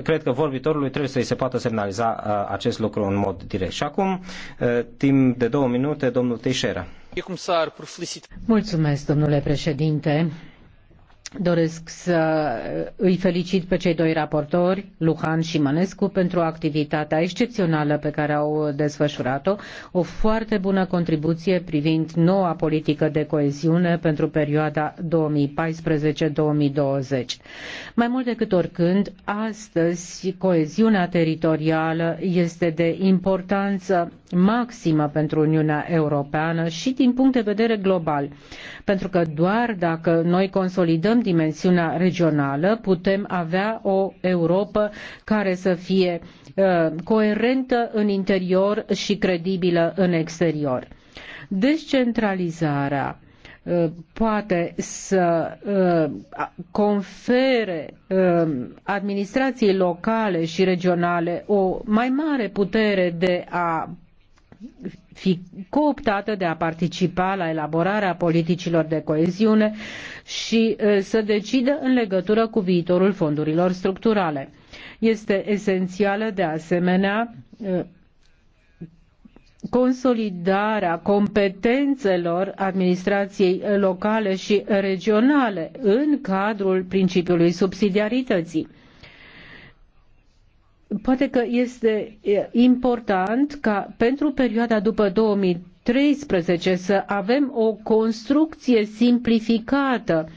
Cred că vorbitorului trebuie să-i se poată semnaliza acest lucru în mod direct. Și acum, timp de două minute, domnul Teixeira. Mulțumesc, domnule președinte. Doresc să îi felicit pe cei doi raportori, Luhan și Mănescu, pentru activitatea excepțională pe care au desfășurat-o, o foarte bună contribuție privind noua politică de coeziune pentru perioada 2014-2020. Mai mult decât oricând, astăzi coeziunea teritorială este de importanță maximă pentru Uniunea Europeană și din punct de vedere global, pentru că doar dacă noi consolidăm dimensiunea regională, putem avea o Europa care să fie uh, coerentă în interior și credibilă în exterior. Descentralizarea uh, poate să uh, confere administrației locale și regionale o mai mare putere de a fi cooptată de a participa la elaborarea politicilor de coeziune și să decidă în legătură cu viitorul fondurilor structurale. Este esențială, de asemenea, consolidarea competențelor administrației locale și regionale în cadrul principiului subsidiarității poate că este important ca pentru perioada după 2013 să avem o construcție simplificată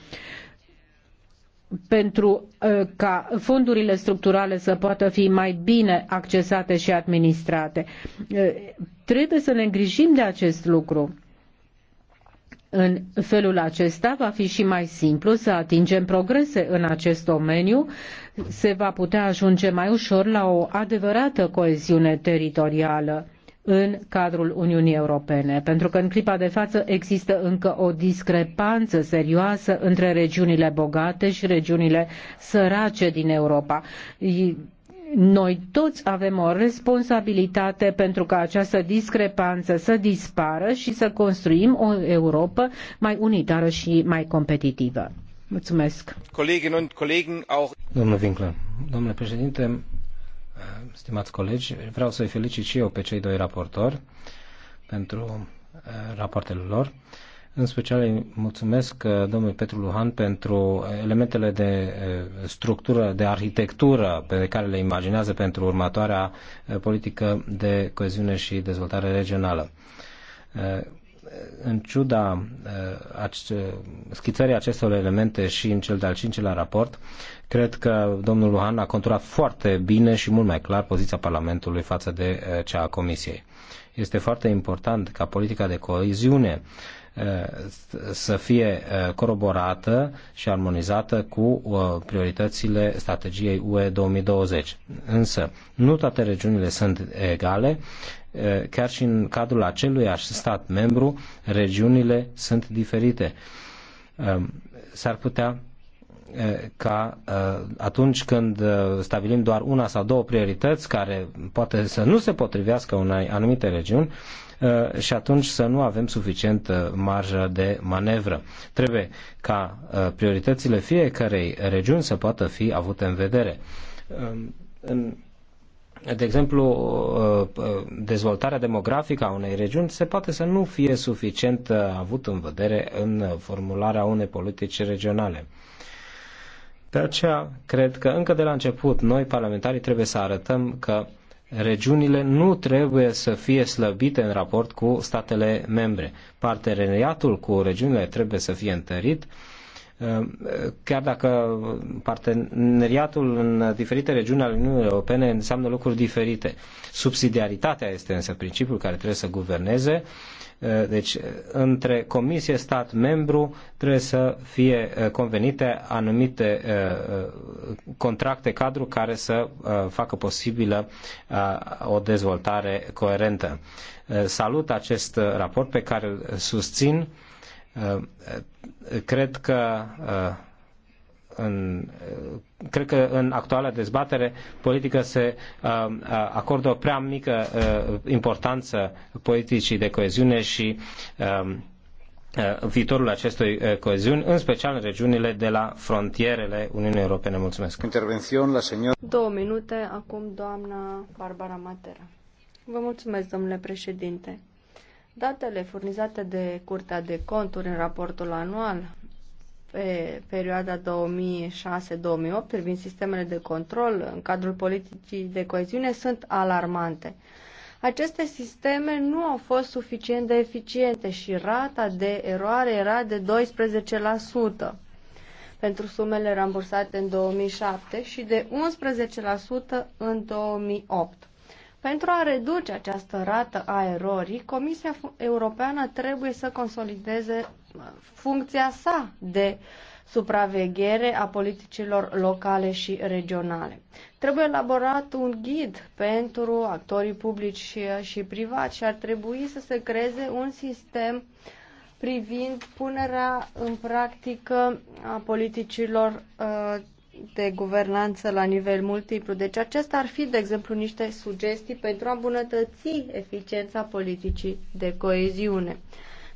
pentru ca fondurile structurale să poată fi mai bine accesate și administrate. Trebuie să ne îngrijim de acest lucru. În felul acesta va fi și mai simplu să atingem progrese în acest domeniu se va putea ajunge mai ușor la o adevărată coeziune teritorială în cadrul Uniunii Europene, pentru că în clipa de față există încă o discrepanță serioasă între regiunile bogate și regiunile sărace din Europa. Noi toți avem o responsabilitate pentru ca această discrepanță să dispară și să construim o Europă mai unitară și mai competitivă. Mulțumesc. Domnul Winkler, domnule președinte, eh, stimați colegi, vreau să-i felicit și eu pe cei doi raportori pentru eh, rapoartele lor. În special îi mulțumesc eh, domnului Petru Luhan pentru elementele de structură, de arhitectură pe care le imaginează pentru următoarea politică de coeziune și dezvoltare regională în ciuda uh, uh, schițării acestor elemente și în cel de-al cincilea raport, cred că domnul Luhan a conturat foarte bine și mult mai clar poziția Parlamentului față de uh, cea a Comisiei. Este foarte important ca politica de coeziune să fie coroborată și armonizată cu prioritățile strategiei UE 2020. Însă, nu toate regiunile sunt egale chiar și în cadrul aceluiași stat membru, regiunile sunt diferite. S-ar putea ca atunci când stabilim doar una sau două priorități care poate să nu se potrivească unei anumite regiuni și atunci să nu avem suficient marjă de manevră. Trebuie ca prioritățile fiecarei regiuni să poată fi avute în vedere. În de exemplu, uh, uh, dezvoltarea demografică a unei regiuni se poate să nu fie suficient uh, avut în vedere în formularea unei politici regionale. De aceea, cred că încă de la început, noi, parlamentarii, trebuie să arătăm că regiunile nu trebuie să fie slăbite în raport cu statele membre. Parteneriatul cu regiunile trebuie să fie întărit, Chiar dacă parteneriatul în diferite regiuni ale Uniunii Europene înseamnă lucruri diferite. Subsidiaritatea este însă principiul care trebuie să guverneze. Deci, între Comisie, stat, membru, trebuie să fie uh, convenite anumite uh, uh, contracte cadru care să facă posibilă o dezvoltare coerentă. Salut acest raport pe care îl susțin Uh, uh, cred că uh, în, cred că în actuala dezbatere politică se acordă o prea mică importanță politicii de coeziune și um, viitorul uh, coeziuni, în special în regiunile de la frontierele Uniunii Europene. Mulțumesc. Intervențion la senior... Două minute, acum doamna Barbara Matera. Vă mulțumesc, domnule președinte. Datele furnizate de Curtea de Conturi în raportul anual pe perioada 2006-2008 privind sistemele de control în cadrul politicii de coeziune sunt alarmante. Aceste sisteme nu au fost suficient de eficiente și rata de eroare era de 12% pentru sumele rambursate în 2007 și de 11% în 2008. Pentru a reduce această rată a erorii, Comisia Europeană trebuie să consolideze uh, funcția sa de supraveghere a politicilor locale și regionale. Trebuie elaborat un ghid pentru actorii publici și, uh, și privați și ar trebui să se creeze un sistem privind punerea în practică a politicilor uh, de guvernanță la nivel multiplu. Deci acestea ar fi, de exemplu, niște sugestii pentru a îmbunătăți eficiența politicii de coeziune.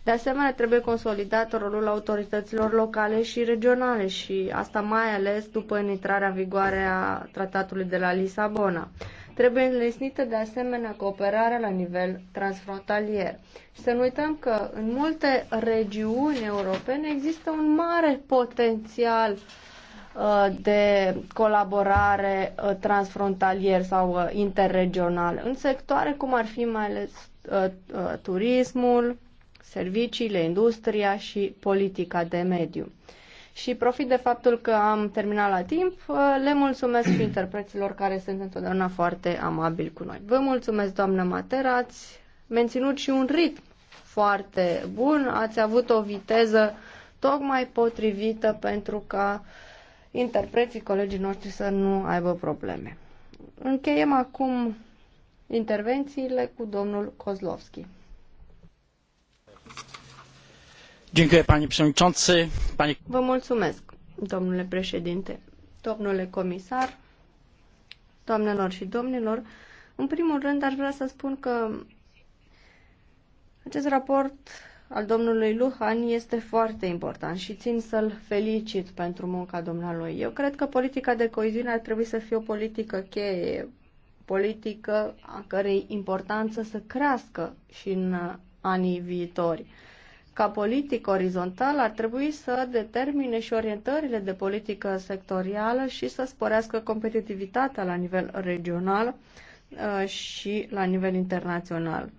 De asemenea, trebuie consolidat rolul autorităților locale și regionale și asta mai ales după intrarea în vigoare a tratatului de la Lisabona. Trebuie înlesnită de asemenea cooperarea la nivel transfrontalier. Și să nu uităm că în multe regiuni europene există un mare potențial uh, Uh, de colaborare uh, transfrontalier sau uh, interregional în sectoare cum ar fi mai ales turismul, serviciile, industria și politica de mediu. Și profit de faptul că am terminat la timp, le mulțumesc și interpreților care sunt întotdeauna foarte amabili cu noi. Vă mulțumesc, doamnă Matera, ați menținut și un ritm foarte bun, ați avut o viteză tocmai potrivită pentru ca interpreții, colegii noștri să nu aibă probleme. Încheiem acum intervențiile cu domnul Kozlovski. Vă mulțumesc, domnule președinte, domnule comisar, doamnelor și domnilor. În primul rând, aș vrea să spun că acest raport al domnului Luhan este foarte important și țin să-l felicit pentru munca domnului. Eu cred că politica de coeziune ar trebui să fie o politică cheie, politică a cărei importanță să crească și în anii viitori. Ca politică orizontală ar trebui să determine și orientările de politică sectorială și să sporească competitivitatea la nivel regional uh, și la nivel internațional.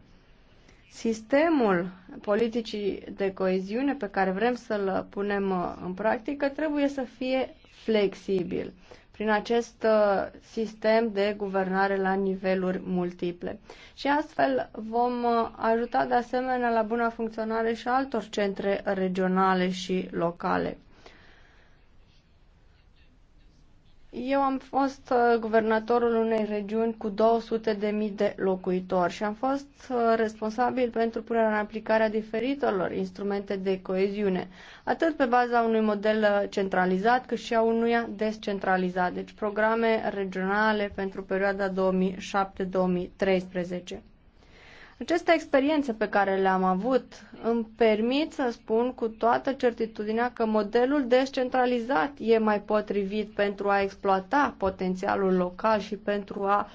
Sistemul politicii de coeziune pe care vrem să-l punem uh, în practică trebuie să fie flexibil prin acest uh, sistem de guvernare la niveluri multiple. Și astfel vom uh, ajuta de asemenea la buna funcționare și altor centre regionale și locale. Eu am fost uh, guvernatorul unei regiuni cu 200.000 de locuitori și am fost uh, responsabil pentru punerea în aplicare a diferitelor instrumente de coeziune, atât pe baza unui model uh, centralizat cât și a unuia descentralizat, deci programe regionale pentru perioada 2007-2013. Aceste experiențe pe care le-am avut îmi permit să spun cu toată certitudinea că modelul descentralizat e mai potrivit pentru a exploata potențialul local și pentru a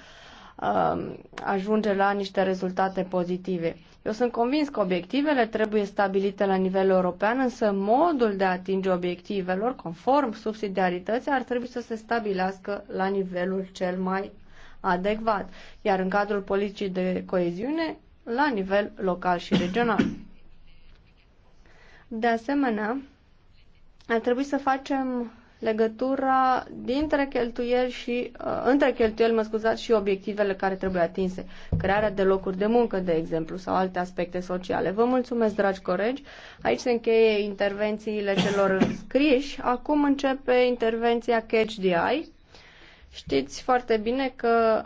um, ajunge la niște rezultate pozitive. Eu sunt convins că obiectivele trebuie stabilite la nivel european, însă modul de a atinge obiectivelor, conform subsidiarității, ar trebui să se stabilească la nivelul cel mai adecvat. Iar în cadrul politicii de coeziune, la nivel local și regional. De asemenea, ar trebui să facem legătura dintre cheltuieli și uh, între cheltuieli, mă scuzați, și obiectivele care trebuie atinse. Crearea de locuri de muncă, de exemplu, sau alte aspecte sociale. Vă mulțumesc, dragi colegi. Aici se încheie intervențiile celor scriși. Acum începe intervenția Catch the Eye. Știți foarte bine că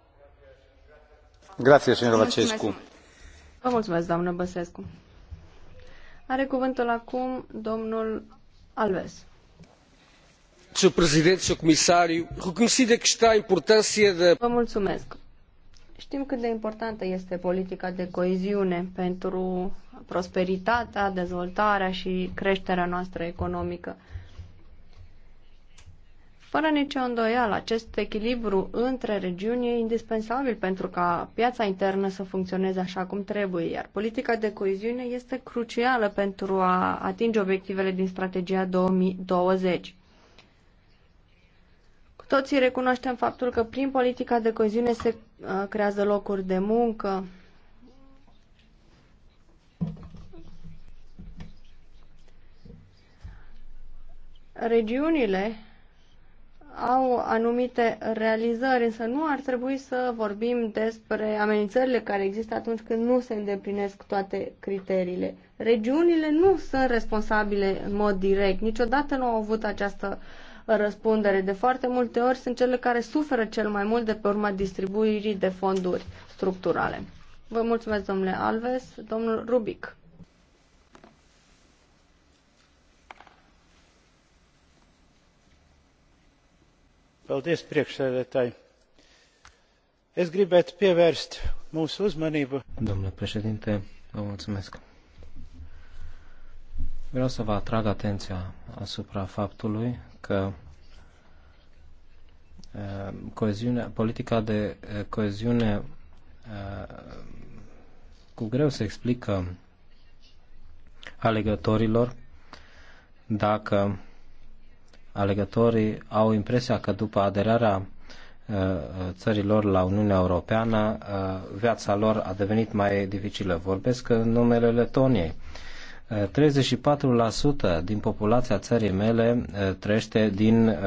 Mulțumesc. Are cuvântul acum domnul Alves. Sr. Presidente, Sr. Comissário, reconhecida que está a importância da... Vă mulțumesc. Știm cât de importantă este politica de coeziune pentru prosperitatea, dezvoltarea și creșterea noastră economică. Fără nicio îndoială, acest echilibru între regiuni e indispensabil pentru ca piața internă să funcționeze așa cum trebuie, iar politica de coeziune este crucială pentru a atinge obiectivele din strategia 2020. Cu toții recunoaștem faptul că prin politica de coeziune se uh, creează locuri de muncă, regiunile au anumite realizări, însă nu ar trebui să vorbim despre amenințările care există atunci când nu se îndeplinesc toate criteriile. Regiunile nu sunt responsabile în mod direct, niciodată nu au avut această răspundere. De foarte multe ori sunt cele care suferă cel mai mult de pe urma distribuirii de fonduri structurale. Vă mulțumesc, domnule Alves. Domnul Rubic. Es gribētu pievērst mūsu uzmanību. Domnule președinte, Vreau să vă atrag atenția asupra faptului că politica de coeziune cu greu se explică alegătorilor dacă alegătorii au impresia că după aderarea uh, țărilor la Uniunea Europeană, uh, viața lor a devenit mai dificilă. Vorbesc în numele Letoniei. 34% uh, din populația țării mele trăiește din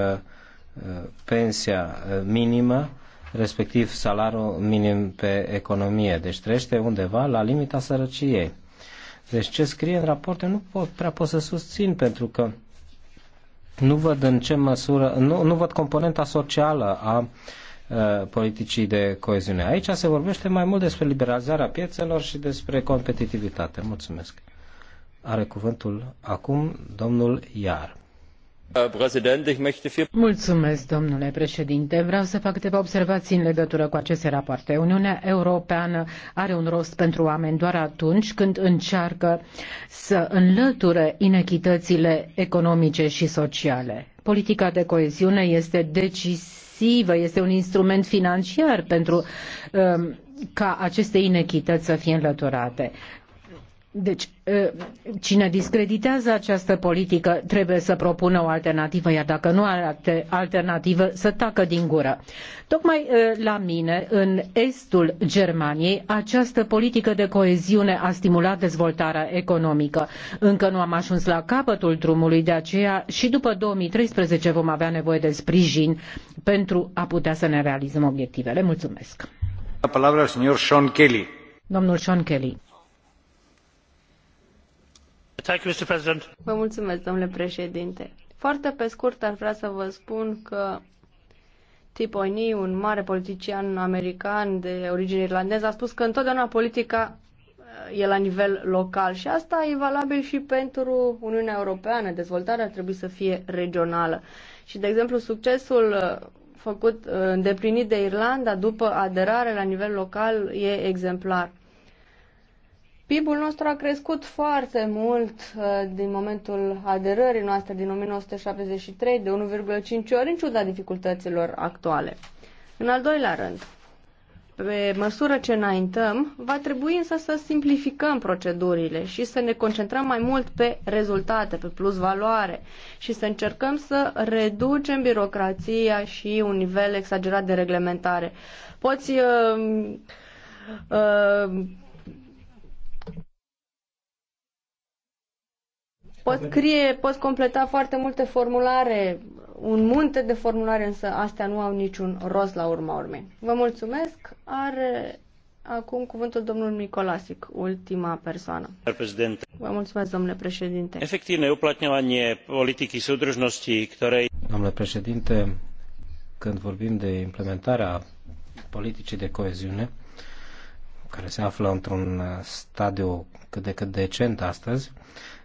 pensia minimă, respectiv salariul minim pe economie. Deci trăiește undeva la limita sărăciei. Deci ce scrie în Eu nu pot, prea pot să susțin, pentru că nu văd în ce măsură, nu, nu văd componenta socială a politicii de coeziune. Aici se vorbește mai mult despre liberalizarea piețelor și despre competitivitate. Mulțumesc. Are cuvântul acum domnul Iar. Mulțumesc, domnule președinte. Vreau să fac câteva observații în legătură cu aceste rapoarte. Uniunea Europeană are un rost pentru oameni doar atunci când încearcă să înlăture inechităile economice și sociale. Politica de coeziune este decisivă, este un instrument financiar pentru um, ca aceste inechităi să fie înlăturate. Deci, cine discreditează această politică trebuie să propună o alternativă, iar dacă nu are alternativă, să tacă din gură. Tocmai la mine, în estul Germaniei, această politică de coeziune a stimulat dezvoltarea economică. Încă nu am ajuns la capătul drumului, de aceea și după 2013 vom avea nevoie de sprijin pentru a putea să ne realizăm obiectivele. Mulțumesc! La palabra, señor Sean Kelly. Domnul Sean Kelly Vă mulțumesc, domnule președinte. Foarte pe scurt ar vrea să vă spun că Tip O'Neill, un mare politician american de origine irlandeză, a spus că întotdeauna politica uh, e la nivel local și asta e valabil și pentru Uniunea Europeană. Dezvoltarea trebuie să fie regională. Și, de exemplu, succesul uh, făcut, uh, îndeplinit de Irlanda după aderare la nivel local e exemplar. PIB-ul nostru a crescut foarte mult uh, din momentul aderării noastre din 1973 de 1,5 ori în ciuda dificultăților actuale. În al doilea rând, pe măsură ce înaintăm, va trebui însă să simplificăm procedurile și să ne concentrăm mai mult pe rezultate, pe plus valoare și să încercăm să reducem birocrația și un nivel exagerat de reglementare. Poți uh, uh, Pot scrie, pot completa foarte multe formulare, un munte de formulare, însă astea nu au niciun rost la urma urmei. Vă mulțumesc. Are acum cuvântul domnul Nicolasic, ultima persoană. Vă mulțumesc, domnule președinte. Efectivne uplatňovanie politicii súdržnosti, care. Domnule președinte, când vorbim de implementarea politicii de coeziune, care se află într-un stadiu cât de cât decent astăzi,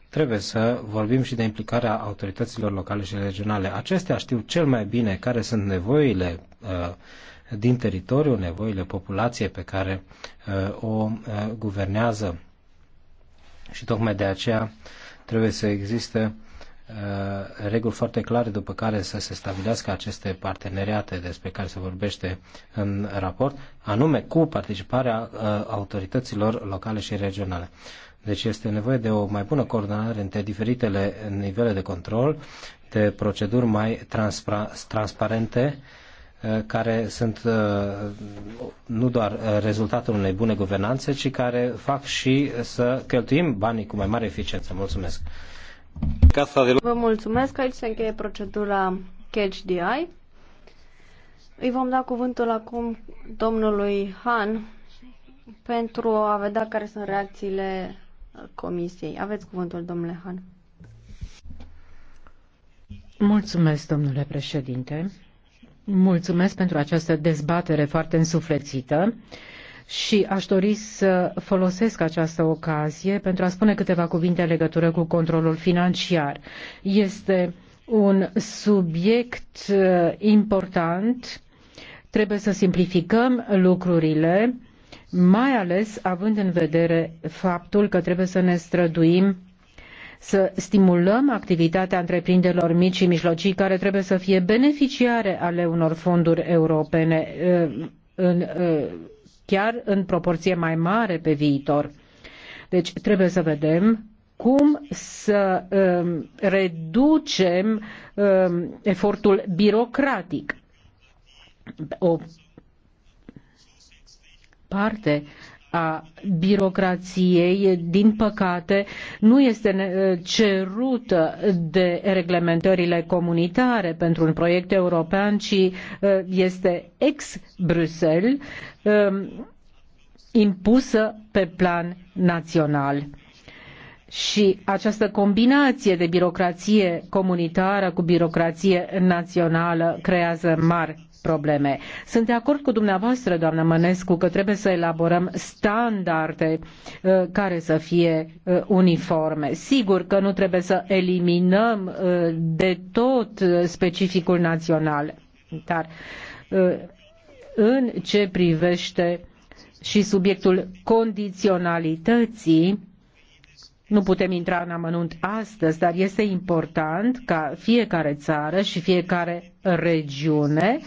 trebuie să vorbim și de implicarea autorităților locale și regionale. Acestea știu cel mai bine care sunt nevoile uh, din teritoriu, nevoile populației pe care uh, o uh, guvernează. Și tocmai de aceea trebuie să existe reguli foarte clare după care să se stabilească aceste parteneriate despre care se vorbește în raport, anume cu participarea autorităților locale și regionale. Deci este nevoie de o mai bună coordonare între diferitele nivele de control, de proceduri mai transparente, uh, care sunt uh, nu doar rezultatul unei bune guvernanțe, ci care fac și să cheltuim banii cu mai mare eficiență. Mulțumesc! Vă mulțumesc! Aici se încheie procedura Catch the Eye. Îi vom da cuvântul acum domnului Han pentru a vedea care sunt reacțiile Comisiei. Aveți cuvântul, domnule Han. Mulțumesc, domnule președinte. Mulțumesc pentru această dezbatere foarte însuflețită și aș dori să folosesc această ocazie pentru a spune câteva cuvinte în legătură cu controlul financiar. Este un subiect uh, important, trebuie să simplificăm lucrurile mai ales având în vedere faptul că trebuie să ne străduim să stimulăm activitatea întreprinderilor mici și mijlocii care trebuie să fie beneficiare ale unor fonduri europene ă, în, ă, chiar în proporție mai mare pe viitor. Deci trebuie să vedem cum să um, reducem um, efortul birocratic. O parte a birocrației, din păcate, nu este cerută de reglementările comunitare pentru un proiect european, ci uh, este ex-Bruxelles um, impusă pe plan național. Și această combinație de birocrație comunitară cu birocrație națională creează mari probleme. Sunt de acord cu dumneavoastră, doamnă Mănescu, că trebuie să elaborăm standarde uh, care să fie uh, uniforme. Sigur că nu trebuie să eliminăm uh, de tot specificul național, dar în ce privește și subiectul condiționalității, nu putem intra în amănunt astăzi, dar este important ca fiecare țară și fiecare regiune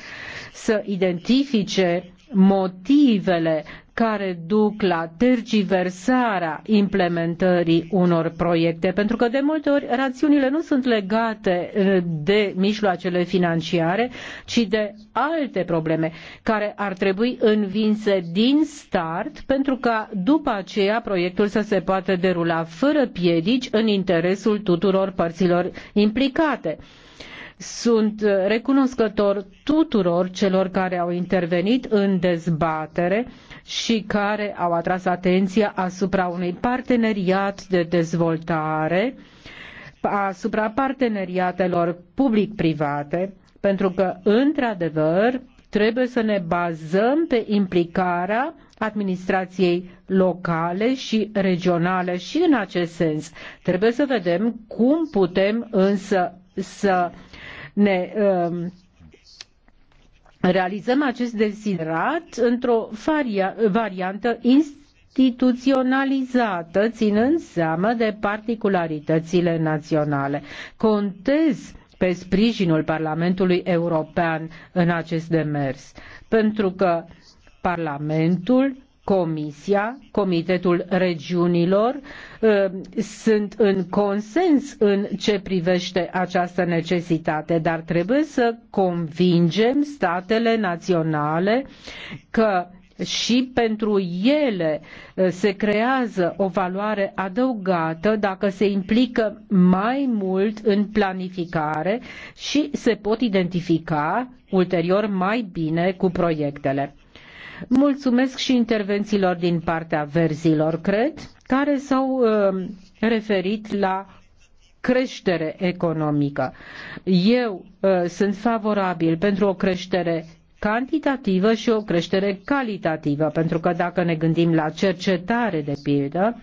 să identifice motivele care duc la tergiversarea implementării unor proiecte, pentru că de multe ori rațiunile nu sunt legate eh, de mijloacele financiare, ci de alte probleme care ar trebui învinse din start pentru ca după aceea proiectul să se poată derula fără piedici în interesul tuturor părților implicate. Sunt eh, recunoscător tuturor celor care au intervenit în dezbatere și care au atras atenția asupra unui parteneriat de dezvoltare, asupra parteneriatelor public-private, pentru că, într-adevăr, trebuie să ne bazăm pe implicarea administrației locale și regionale și în acest sens. Trebuie să vedem cum putem însă să ne uh, realizăm acest desiderat într-o variantă instituționalizată, ținând seama de particularitățile naționale. Contez pe sprijinul Parlamentului European în acest demers, pentru că Parlamentul Comisia, Comitetul Regiunilor ă, sunt în consens în ce privește această necesitate, dar trebuie să convingem statele naționale că și pentru ele ă, se creează o valoare adăugată dacă se implică mai mult în planificare și se pot identifica ulterior mai bine cu proiectele. Mulțumesc și intervențiilor din partea verzilor, cred, care s-au uh, referit la creștere economică. Eu uh, sunt favorabil pentru o creștere cantitativă și o creștere calitativă, pentru că dacă ne gândim la cercetare de pildă,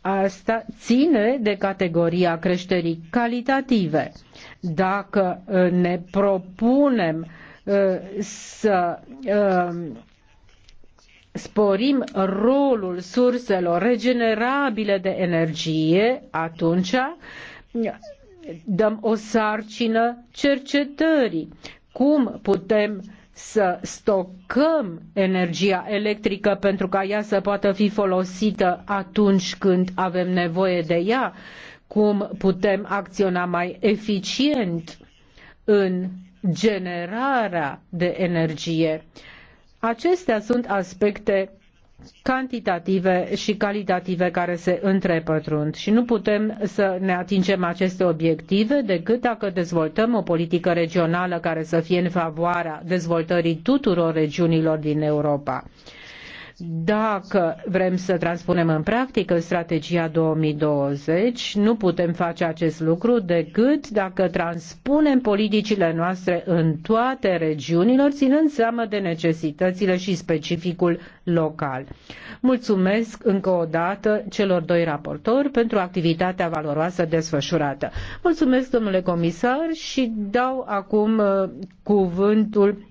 asta ține de categoria creșterii calitative. Dacă uh, ne propunem uh, să uh, sporim rolul surselor regenerabile de energie, atunci dăm o sarcină cercetării. Cum putem să stocăm energia electrică pentru ca ea să poată fi folosită atunci când avem nevoie de ea? Cum putem acționa mai eficient în generarea de energie? Acestea sunt aspecte cantitative și calitative care se întrepătrund și nu putem să ne atingem aceste obiective decât dacă dezvoltăm o politică regională care să fie în favoarea dezvoltării tuturor regiunilor din Europa. Dacă vrem să transpunem în practică strategia 2020, nu putem face acest lucru decât dacă transpunem politicile noastre în toate regiunilor, ținând seama de necesitățile și specificul local. Mulțumesc încă o dată celor doi raportori pentru activitatea valoroasă desfășurată. Mulțumesc, domnule comisar, și dau acum uh, cuvântul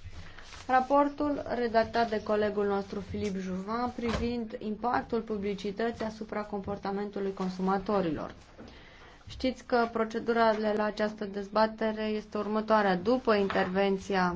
Raportul redactat de colegul nostru Filip Juvan privind impactul publicității asupra comportamentului consumatorilor. Știți că procedura la această dezbatere este următoarea. După intervenția